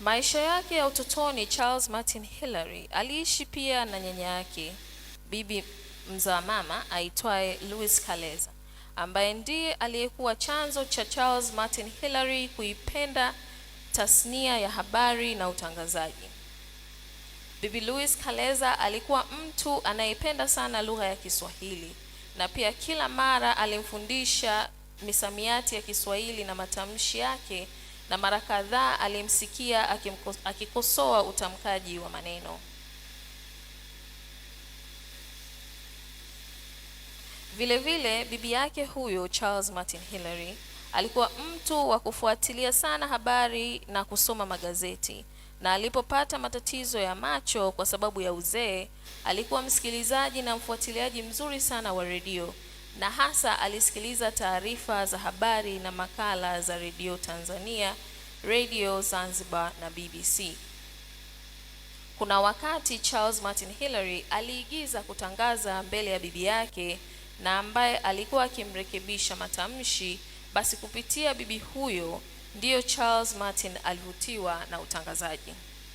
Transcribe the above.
Maisha yake ya utotoni, Charles Martin Hillary aliishi pia na nyanya yake, bibi mzaa mama aitwaye Louis Kaleza, ambaye ndiye aliyekuwa chanzo cha Charles Martin Hillary kuipenda tasnia ya habari na utangazaji. Bibi Louis Kaleza alikuwa mtu anayependa sana lugha ya Kiswahili na pia kila mara alimfundisha misamiati ya Kiswahili na matamshi yake na mara kadhaa alimsikia akikosoa utamkaji wa maneno. Vile vile bibi yake huyo Charles Martin Hillary alikuwa mtu wa kufuatilia sana habari na kusoma magazeti, na alipopata matatizo ya macho kwa sababu ya uzee, alikuwa msikilizaji na mfuatiliaji mzuri sana wa redio na hasa alisikiliza taarifa za habari na makala za redio Tanzania, redio Zanzibar na BBC. Kuna wakati Charles Martin Hillary aliigiza kutangaza mbele ya bibi yake na ambaye alikuwa akimrekebisha matamshi, basi kupitia bibi huyo ndiyo Charles Martin alivutiwa na utangazaji.